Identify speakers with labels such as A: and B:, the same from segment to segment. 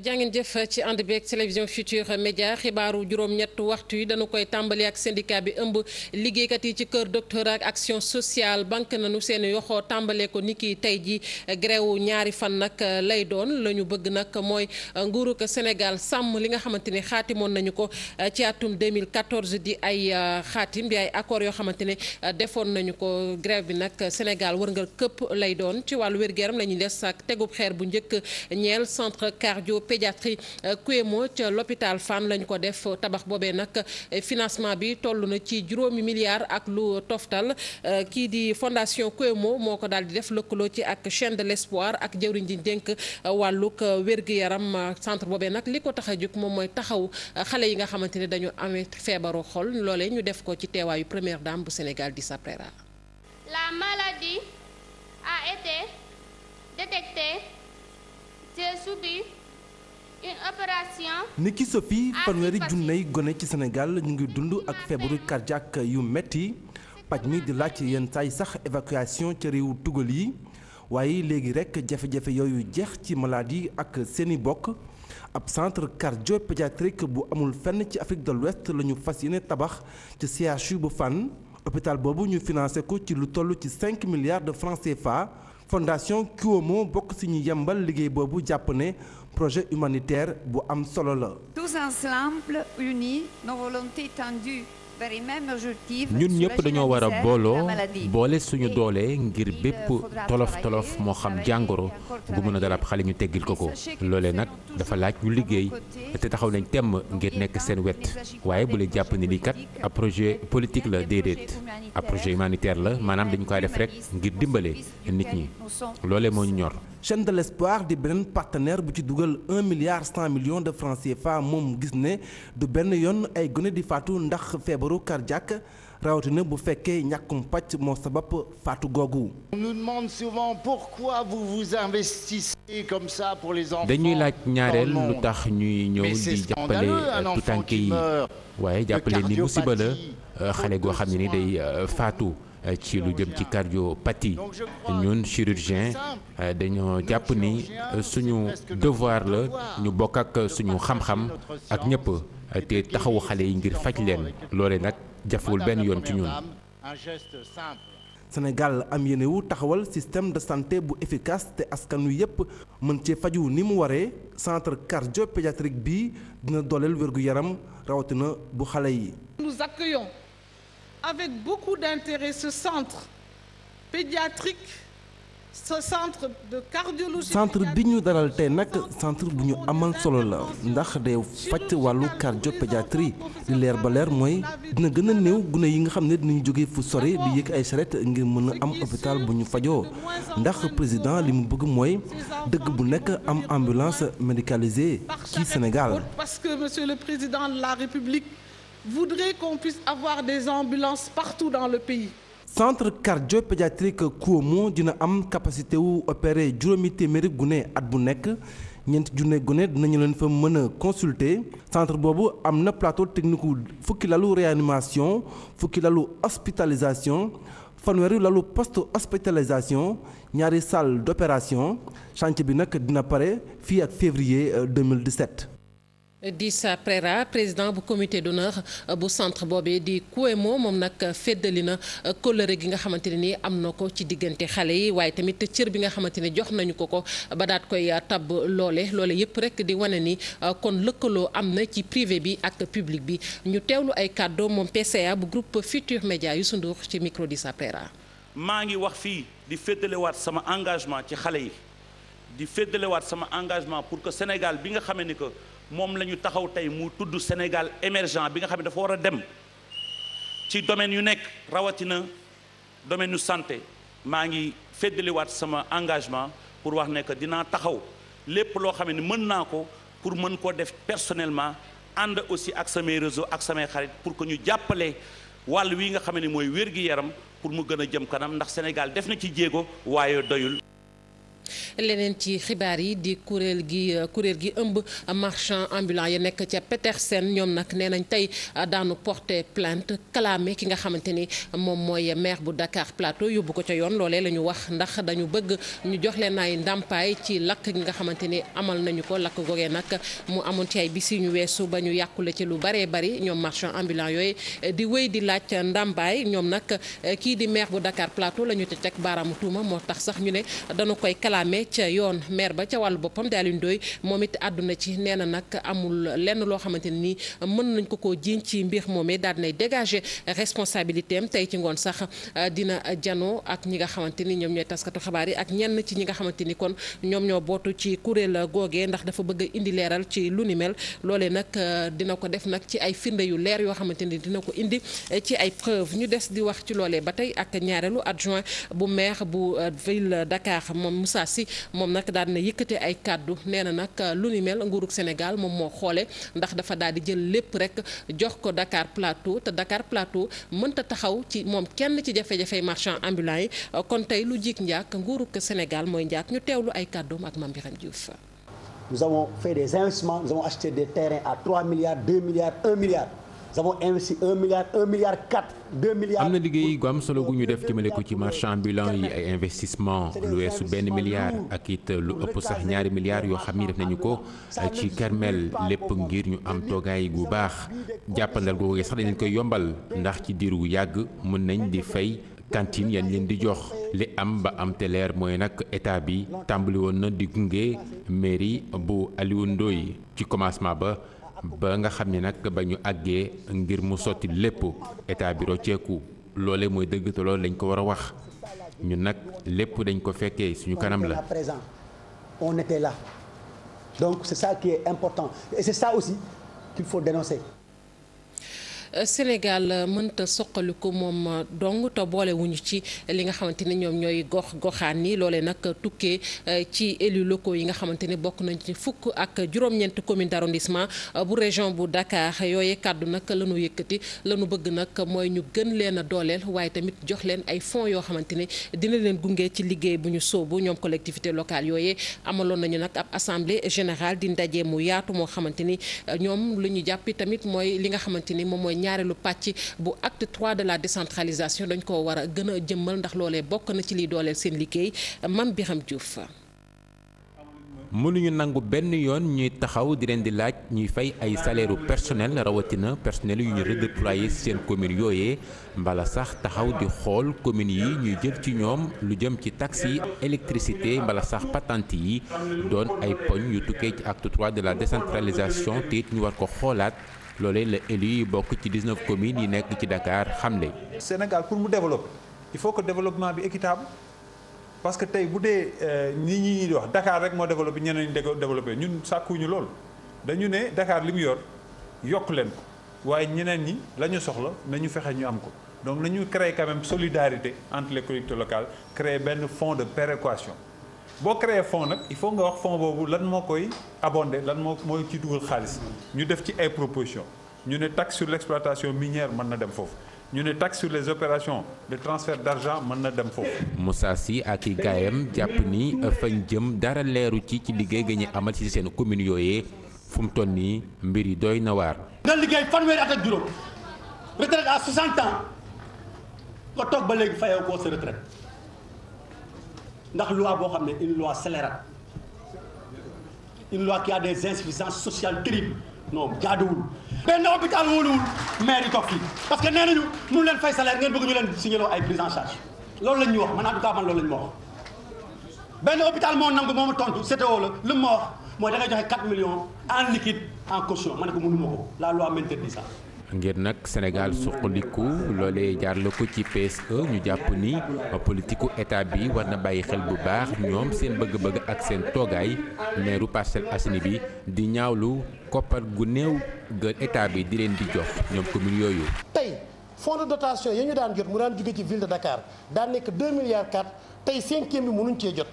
A: jàngeen jëf ci ànd beeg télévision Futurs Médias xibaaru juróom-ñett waxtu yi dañu koy tàmbali ak syndicat bi ëmb liggéeykat yi ci kër docteur ak action sociale banque nañu seen yoxoo tàmbalee ko ni ki tey ji grèwu ñaari fan nag lay doon la ñu bëgg nag mooy nguurug Sénégal sàmm li nga xamante ni xaatimoon nañu ko uh, ci atum 2014 di ay uh, xaatim di ay accord yoo xamante ne uh, defoon nañu ko grève bi nag Sénégal wërngal këpp lay doon ci wàllu wér-gu-yaram la ñuy des ak tegub xeer bu njëkk pédiatrie euh, Kouemo ca l'hôpital Fann lañ ko def tabax boobee nag financement bi toll na ci juróomi milliards ak lu tooftal euh, kii di fondation Kouemo moo ko daal di def lëkkaloo ci ak chaine de l'espoir ak jëwriñ ji dénk euh, wàllug wér-gi-yaram centre boobee nag li ko tax a jóg moom mooy taxaw xale yi nga xamante ni dañu amee feebaru xol loolee ñu def ko ci teewaayu première dame bu senegal di Saprera. La une opération.
B: niki Sophie fanweeri junney gone ci senegal ñu ngi dund ak feebaru cardiaque yu metti paj mi di laaj yenn saay sax évacuation ca réewu tugal yi waaye léegi rek jafe-jafe yooyu jeex ci maladie ak seeni bokk ab centre cardiopédiatrique bu amul fenn ci Afrique de l'Ouest la ñu fas yéene tabax ci CHU bu Fann hôpital boobu ñu financé ko ci lu toll ci 5 milliards de francs CFA fondation Cuomo bokk si ñu yembal liggéey boobu jàpp ne projet humanitaire bu am solo la.
C: ñun ñëpp dañoo war a booloo boole
D: suñu doolee ngir bépp tolof tolof moo xam jàngoro gu mën a dal ab xale ñu teggil ko ko loolee nag dafa laaj ñu liggéey te taxaw nañ temm ngir nekk seen wet waaye bu leen jàpp ni lii kat ab projet politique la déedéet ab projet humanitaire la maanaam dañu koy def rek ngir dimbale nit ñi loolee moo ñu ñor.
B: chaîne de l'espoir di beneen partenaire bu ci dugal un milliard cent millions de francs CFA moom gis ne du benn yoon ay gone di faatu ndax feebaru cardiaque rawatina bu fekkee ñàkkum pàcc moo sabab faatu googu. on nous demande souvent pourquoi comme ça pour les enfants. dañuy laaj ñaareel lu tax
D: ñuy ñëw di jàppale euh, tuutànk yi waaye jàppale ni musiba la euh, xale goo xam ne ni day euh, faatu. Euh, ci lu jëm ci cardiopathie ñun chirurgien euh, dañoo jàpp ni euh, suñu devoir la ñu bokk ak suñu xam-xam ak ñëpp
B: te taxawu xale yi ngir faj leen loole nag jafewul benn yoon ci ñun. Sénégal am yéene wu taxawal système de santé bu efficace te askan wi yépp mën cee faju ni mu waree centre cardiopédiatrique bi dina dooleel wérgu yaram rawatina bu xale yi.
E: avec beaucoup d'intérêt ce centre pédiatrique ce centre
B: bi ñu daral tey nag centre bu ñu amal solo la ndax day faj wàllu cardiopédiatrie li leer ba leer mooy dina gën a néew gune yi nga xam ne dinañu jóge fu sori di yëg ay charrette ngir mën am hôpital bu ñu fajoo ndax président li mu bëgg mooy dëgg bu nekk am ambulance médicalisée ci Sénégal
E: voudrait qu'on puisse avoir des ambulances partout dans le pays.
B: centre cardiopédiatrique moo dina am capacité wu opérer juróomi téeméeri gune at bu nekk ñeent junne gune dinañu leen fa mën a consulter centre boobu am na plateau technique wu fukki lalu réanimation fukki lalu hospitalisation fanweeri lalu poste hospitalisation ñaari salle d' opération chantier bi nag dina pare fii ak février 2017. Euh,
A: Dissa Prera président bu comité d'honneur euh, bu centre boobee di Kouemo moom nag féddali na euh, kóllëre gi nga xamante ne nii am na ko ci diggante xale yi waaye tamit cër bi nga xamante ne jox nañu ko ko euh, ba daat koy tab loole loole yëpp rek di wane ni kon lëkkaloo am na ci privé bi ak public bi ñu teewlu ay kàddo moom PCA bu groupe Futur Média yu Ndour ci micro Dissa
C: maa ngi wax fii di féddalewaat sama engagement ci xale yi di féddalewaat sama engagement pour que Sénégal bi nga xamee ni moom la ñu taxaw tey mu tudd Sénégal émergent bi nga xam ne dafa war a dem ci domaine yu nekk rawatina domaine yu santé maa ngi feddaliwaat sama engagement pour wax ne que dinaa taxaw lépp loo xam ne mën naa ko pour mën koo def personnellement ànd aussi ak samay réseau ak samay xarit pour que ñu jàppale wàll wi nga xam ne mooy wér-gi-yaram pour mu gën a jëm kanam ndax Sénégal def na ci jéego waaye doyul
A: leneen ci xibaar yi di kuréel gi kuréel gi ëmb marchand ambulant yi nekk ca Petersen ñoom nag nee nañ tey daanu porter plante clamé ki nga xamante ni moom mooy maire bu dakaar Plateau yóbbu ko ca yoon loolee la ñu wax ndax dañu bëgg ñu jox leen ay ndàmpaay ci lakk gi nga xamante ni amal nañu ko lakk googee nag mu amoon ci ay bis ñu weesu ba ñu yàqule ci lu baree bari ñoom marchand ambulant yooyu di wéy di laaj ndàmpaay ñoom nag kii di maire bu Dakar Plateau la ñu teg baaraamu moo tax sax ñu ne jëmale ca yoon maire ba ca wàllu boppam di Alioune moom it àdduna ci nee na amul lenn loo xamante mën nañ ko koo jiiñ ci mbir moomee daal dinay dégager responsabilité am tey ci ngoon sax euh, dina janoo ak ñi nga xamante ni ñoom ci ñi nga xamante ni kon ñoom ñoo bootu ci kuréel googee ndax dafa bëgg a ci lu ni mel loolee nag euh, dina ko def nag ci ay firnde yu leer yoo xamante ni dina ko indi euh, ci ay preuve ñu des di wax ci loolee ba tey ak ñaareelu adjoint bu maire bu ville Dakar moom Moussa moom nag daal yëkkate ay kàddu nee na nag lu ni mel nguurug Sénégal moom moo xoole ndax dafa daal di jël lépp rek jox ko dakaar Plateau te Dakar Plateau mënta taxaw ci moom kenn ci jafe-jafe marchand ambulant kon tey lu jiig njaak nguurug Sénégal mooy njaak ñu teewlu ay kàddu ak Mame Birame Diouf.
C: Nous avons fait des investissements nous avons acheté des à 3 milliards 2 milliards 1 milliard. nous avons investi am
D: na liggéey gu am solo gu ñu def jëmale ko ci marchand ambulant yi ay investissement lu weesu benn milliard ak it lu ëpp sax ñaari milliards yoo xam ni def nañu ko ci Kermel lépp ngir ñu am toogaay bu baax jàppandal googu sax dañ koy yombal ndax ci diiru yàgg mën nañ di fay. cantine yañ leen di jox li am ba am te leer mooy nag état bi tàmbali woon na di gunge mairie bu Alioune Ndoye ci commencement ba ba nga xam ni nag ba ñu àggee ngir mu sotti lépp état bi rocceeku loole mooy dëgg te loolu lañ ko war a wax ñun nag lépp dañ ko fekkee suñu kanam la
C: présent on était là donc c'est ça qui est important et c'est ça aussi qu'il faut dénoncer
A: Euh, Sénégal euh, mënta sokkaliku moom euh, dong te boolewuñu ci li nga xamante ni ñoom ñooy gox goxaan ni loolee nag tukkee ci élus locaux yi nga xamante ni bokk nañ ci fukk ak juróom-ñeent commune d' arrondissement bu région bu Dakar yooye kàddu nag la ñu yëkkati la ñu bëgg nag mooy ñu gën leen a dooleel waaye tamit jox leen ay fonds yoo xamante ni dina leen gunge ci liggéey bu ñu soobu ñoom collectivité locale yooye amaloon nañu nag ab assemblée générale di ndaje mu yaatu moo xamante ni ñoom lu mooy li nga xamante ni moom mooy ñaareelu pàcc bu acte trois de la décentralisation dañ ko war a gën a jëmmal ndax loolee bokk na ci liy dooleel seen liggéey man Mame Birame Diouf
D: mënuñu nangu benn yoon ñuy taxaw di leen di laaj ñuy fay ay salaire personnel rawatina personnel yu ñu redéployé ci seen commune yooyee mbala sax taxaw di xool communes yi ñuy jël ci ñoom lu jëm ci taxes yi électricité mbala sax patente yi doon ay poñ yu tukkee ci acte 3 de la décentralisation te it ñu war ko xoolaat loolee la élu yi bokk ci 19 communes yi nekk ci Dakar xamle. Sénégal pour mu développer il faut que développement bi équitable. parce que tey bu dee euh, nit ñi di wax Dakar rek moo développé ñeneen ñi développé ñun sàkkuñu loolu dañu ne Dakar li mu yor yokk leen ko waaye ñeneen ñi la ñu soxla nañu fexe ñu am ko donc nañu créer quand même solidarité entre les collectivités locales créer benn fonds de péréquation boo créer fonds nag il faut nga wax fonds boobu lan moo koy abondé lan moo mooy ci dugal xaalis ñu def ci ay propositions ñu ne taxe sur l'exploitation minière mën na dem foofu ñu ne takk sur les opérations de transfert d' argent mën na dem foofu. Moussa Sy ak i gaayam jàpp ni fañ jëm dara leeru ci ci liggéey ga ñu amal ci seen commune yooyee fu mu toll nii mbir yi dooy na waar.
C: nga liggéey fanweeri at ak juróom retraite à 60 ans nga toog ba léegi fayoo koo sa retraite ndax loi boo xam ne une loi scélérate une loi qui a des insuffisances sociales terribles non benn hôpital wóoluwul maire yi toog fii parce que nee nañu mënu leen fay salaire ngeen bëgg ñu leen signaloo ay loolu la ñuy wax man en tout cas man loolu la ñu ma wax benn hôpital moo nangu moo ma tontu CTO la lu ma wax mooy da ngay joxe 4 millions en liquide en caution ma ne ko mënu ma ko la loi m'interdit ça
D: ngir nag Sénégal suqaliku loolee jaarle ko ci PSE ñu jàpp ni politiku état bi war na bàyyi xel bu baax ñoom seen bëgg-bëgg ak seen toogaay meeru Parcelles Assainies bi di ñaawlu koppar gu néew ga état bi di leen di jox ñoom commune yooyu.
C: tey fonds de dotation yi ñu daan jot mu daan jóge ci ville de Dakar daan nekk 2 milliards 4 tey cinquième bi mënuñ cee jot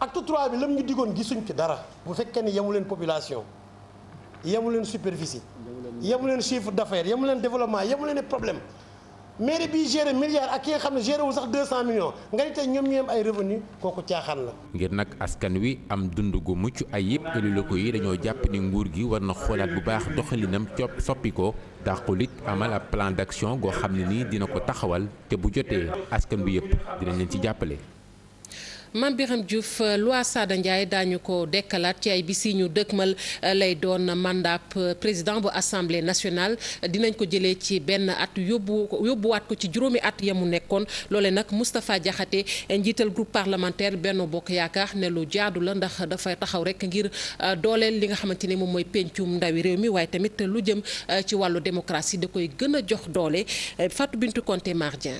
C: acte 3 bi lam ñu digoon gisuñ ci dara bu fekke ne yemu leen population yemu leen superficie. yemu leen chiffre d'affaires yemu leen développement yemu leen problème mairie bi géré milliard ak ki xam ne géré sax 200 millions nga ni tey ñoom ñu am ay revenu kooku caaxaan la.
D: ngir nag askan wi am dund gu mucc ayib élus locaux yi dañoo jàpp ni nguur gi war na xoolaat bu baax doxalinam copp soppi ko dàqul it amal ab plan d'action goo xam ne nii dina ko taxawal te bu jotee askan wi yëpp dinañ leen ci jàppale.
A: Mame Birame Diouf euh, loi Sada Ndiaye daañu ko dekkalaat ci ay bis ñu ñu mal euh, lay doon mandat euh, président bu assemblée nationale dinañ ko jëlee ci benn at yóbbu yóbbuwaat ko ci juróomi at ya mu nekkoon loole nag Moustapha Diakhaté njiital groupe parlementaire benn Bokk Yaakaar ne lu jaadu la ndax dafay taxaw rek ngir dooleel li nga xamante ni moom mooy pencum ndawi réew mi waaye tamit lu jëm ci wàllu démocratie da koy gën a jox doole Fatou bintu Conté Mardien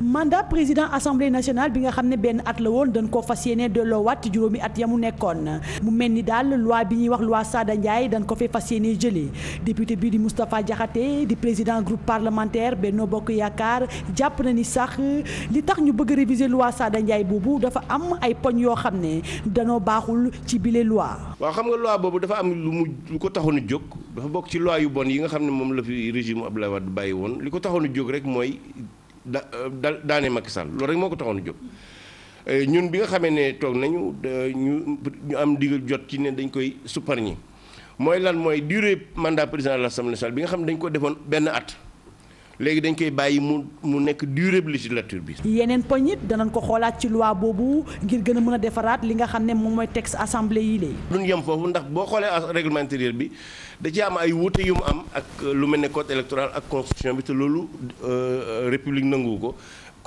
E: mandat président assemblée nationale bi nga xam ne benn at la woon dañ koo fas yéene delloowaat ci juróomi at ya mu nekkoon mu mel ni daal loi bi ñuy wax loi Sada Ndiaye dañ ko fee fas yéene jële député bi di Moustapha Diakhaté di président groupe parlementaire Benno Bokk Yaakaar jàpp na ni sax li tax ñu bëgg a réviser loi Sada boobu dafa am ay poñ yoo xam ne danoo baaxul ci bile luwa
C: waaw xam nga loi boobu dafa am lu mu lu ko taxoon a jóg dafa bokk ci loi yu bon yi nga xam ne moom la fi régime Abdoulaye Wade bàyyi woon li ko taxoon a jóg rek da euh, daane Macky Sall loolu rek moo ko taxoon jóg. Euh, ñun bi nga xamee ne toog nañu ñu ñu am digal jot ci ne dañ koy supparñi mooy lan mooy durée mandat président de l'Assemblée nationale bi nga xam ne dañ ko defoon benn at. léegi dañ koy bàyyi mu mu nekk durée bi législature bi.
E: yeneen po it danañ ko xoolaat ci loi boobu ngir gën a mën a defaraat li nga xam ne moom mooy texte assemblée yi léegi. duñ
C: yem foofu ndax boo xoolee règlement intérieur bi da ci am ay wuute yu am ak lu mel ne code électoral ak constitution bi te loolu euh, euh, république nangu ko.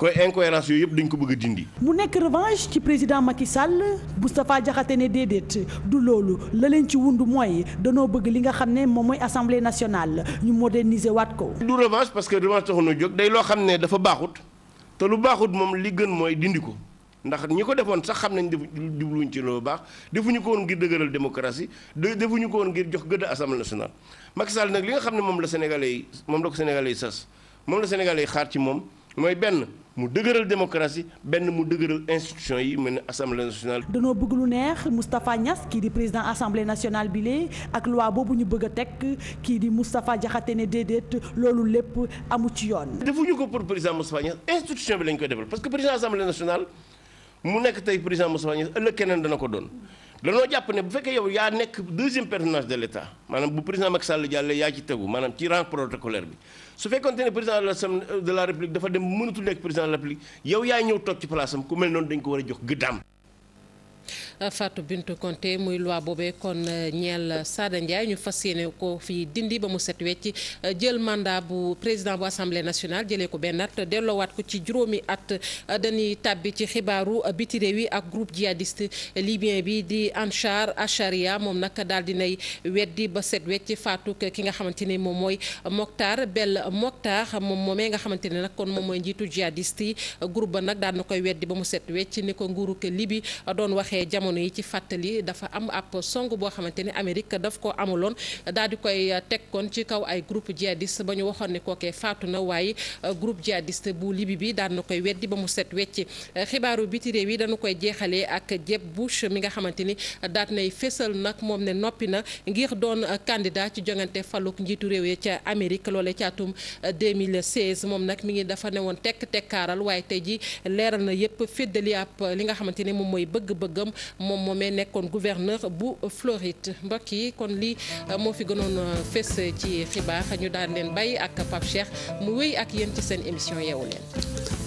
C: koy incohérence yooyu yëpp dañ ko bëgg a dindi.
E: mu nekk revanche ci président Macky Sall Moustapha Diakhaté ne déedéet du loolu la leen ci wund mooy danoo bëgg li nga xam ne moom mooy assemblée nationale ñu moderniser waat ko.
C: du revanche parce que revanche taxul na jóg day loo xam ne dafa baaxut te lu baaxut moom li gën mooy dindi ko. ndax ñi ko defoon sax xam nañ def jubluñ ci loolu baax defuñu ko woon ngir dëgëral démocratie defuñu ko woon ngir jox gëdd assemblée nationale. Macky Sall nag li nga xam ne moom la sénégalais moom la ko sénégalais sas moom la sénégalais xaar ci moom. mooy benn mu dëgëral démocratie benn mu dëgëral institution yi mu ne assemblée nationale.
E: danoo bëgg lu neex Moustapha Niass kii di président assemblée nationale bi lee ak loi boobu ñu bëgg a teg kii di Moustapha Diakhaté ne déedéet loolu lépp amu ci yoon. defuñu ko pour
C: président Moustapha Niass institution bi lañ koy defal parce que président assemblée nationale mu nekk tey président Moustapha Niass ëllëg keneen dana ko doon. danoo jàpp ne bu fekkee yow yaa nekk deuxième personnage de l' état maanaam bu président Macky Sall jàllee yaa ci tegu maanaam ci rang protocolaire bi su fekkonte ne président de l'Assemblée de la république dafa dem mënatul nekk président de la république yow yaa ñëw toog ci place am ku mel noonu dañ ko war a jox gëddaam
A: Euh, Fatou Bintou Konté muy loi boobee kon euh, ñeel Sada Ndiaye ñu fas yéene ko fi dindi ba mu set wecc euh, jël mandat bu président bu assemblée nationale jëlee ko benn at delloowaat ko ci juróomi at dañuy tàbbi ci xibaaru biti réew ak groupe djihadiste libyen bi di Ansar Acharia moom nag daal dinay weddi ba set wecc faatu ki nga xamante ni moom mooy Mokhtar Bel Mokhtar moom moomee nga xamante ne nag kon moom mooy njiitu djihadiste yi groupe ba nag daan na koy weddi mu set wecc jamono yi ci fàttali dafa am ab song boo xamante ni Amérique daf ko amuloon daal di koy euh, teg kon ci kaw ay groupe djihadiste ba ñu waxoon ne kookee faatu na waaye euh, groupe djihadiste bu libi bi daan na koy weddi ba mu set wecc xibaaru biti réew yi dañu koy jeexalee ak Jeb Bush mi nga xamante ni daat nay fésal nag moom ne noppi na ngir doon euh, candidat ci jongante faluk njiitu réew yi ca Amérique loole ca atum 2016 moom nag mi ngi dafa newoon tekk tekkaaral waaye tey na yëpp féddali ab li nga xamante ni moom mooy bëgg gëm moom moomee nekkoon gouverneur bu Floride mbokk yi kon lii euh, moo fi gënoon euh, fës ci xibaar ñu daal leen bàyyi ak Pape mu wéy ak yéen ci seen émission yeewu leen.